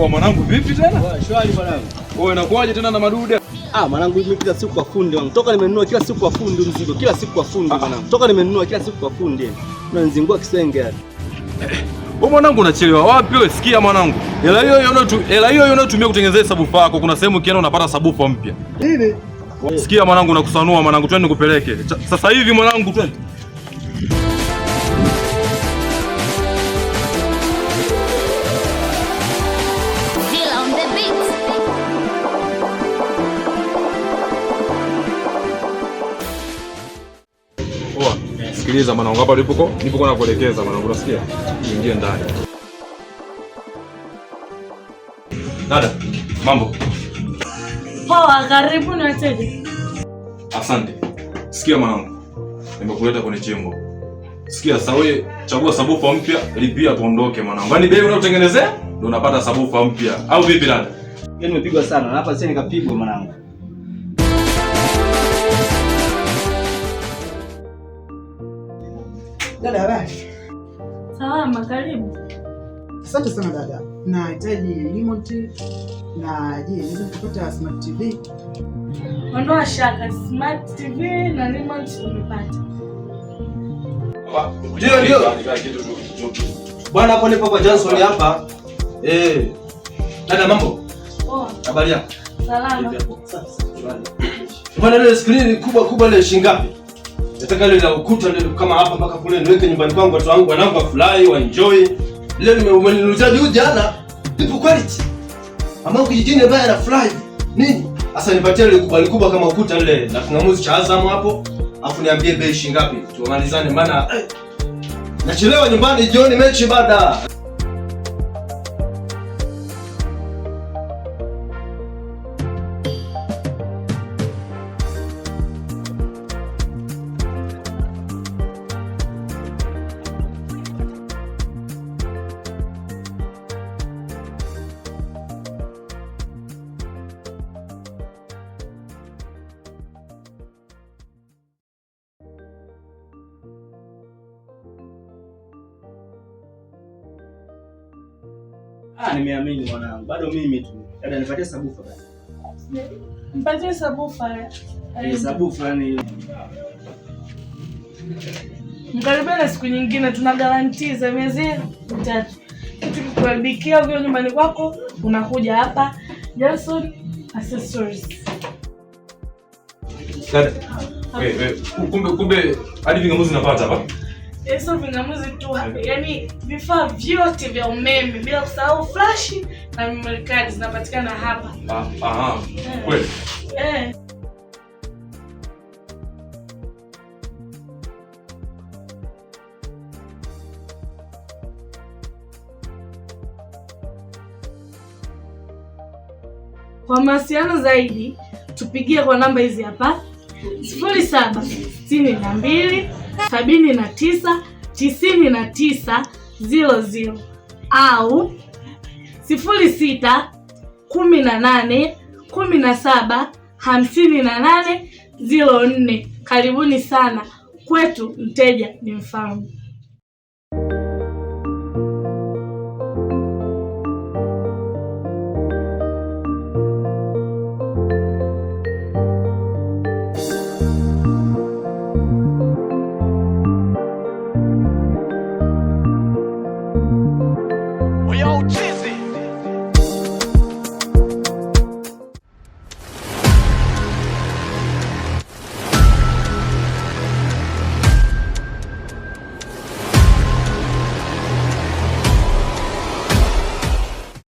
Poa mwanangu, vipi tena? Poa, shwari mwanangu. Wewe unakuaje tena na madude? Ah, mwanangu mimi kila siku kwa fundi wangu. Toka nimenunua kila siku kwa fundi mzigo, kila siku kwa fundi ah, ah. mwanangu. Toka nimenunua kila siku kwa fundi. Na nzingua kisenge hadi. Eh, wewe mwanangu unachelewa wapi wewe? Sikia mwanangu. Hela hiyo hiyo unayotu hela hiyo hiyo unayotumia kutengenezea sabufu yako, kuna sehemu ukienda unapata sabufu mpya. Nini? Sikia mwanangu, nakusanua mwanangu, twende nikupeleke. Sasa hivi mwanangu twende. poa. Sikiliza mwanangu, hapa ulipo nipo kwa kuelekeza mwanangu, unasikia? Ingie ndani. Dada, mambo poa? Karibu na wateja. Asante. Sikia mwanangu, nimekuleta kwenye chembo. Sikia sawe, chagua sabufa mpya, lipia tuondoke mwanangu. Yaani bei unaotengenezea ndio unapata sabufa mpya, au vipi dada? Yaani umepigwa sana na hapa sasa nikapigwa mwanangu. Dada basi. Salama, karibu. Asante sana dada, nahitaji remote na je, naweza kupata smart TV? Ondoa shaka, smart TV na remote umepata. Ndio, ndio. Bwana hapo nipo kwa Johnson hapa. Eh. Dada mambo? Poa. Oh. Habari yako? Salama. Bwana ile screen kubwa kubwa ile shilingi nataka ile la ukuta ile kama hapa mpaka kule niweke nyumbani kwangu, watu wangu wa fly wa enjoy. Ile nimeniuliza juu jana, ipo quality ambao kijijini baya na fly nini. Sasa nipatie ile kubali kubwa kama ukuta ile na kingamuzi cha Azam hapo, afu niambie bei shilingi ngapi, tumalizane, maana eh, nachelewa nyumbani jioni, mechi baada Ah, nimeamini mwanangu. Bado mimi tu. Dada nipatie sabufa basi. Mpatie sabufa. Eh, sabufa ni. Mkaribia na siku nyingine tuna garanti za miezi mitatu. Kitu kikuharibikia vile nyumbani kwako unakuja hapa Jason Accessories. Dada. Ah. Kumbe kumbe hadi vingamuzi napata hapa. Eso ving'amuzi tu, yaani vifaa vyote vya umeme bila kusahau flash na memory card zinapatikana hapa. Ah, kweli eh. Kwa mawasiliano zaidi tupigie kwa namba hizi hapa saba na mbili sabini na tisa tisini na tisa ziro ziro au sifuri sita kumi na nane kumi na saba hamsini na nane ziro nne. Karibuni sana kwetu, mteja ni mfalme. OG.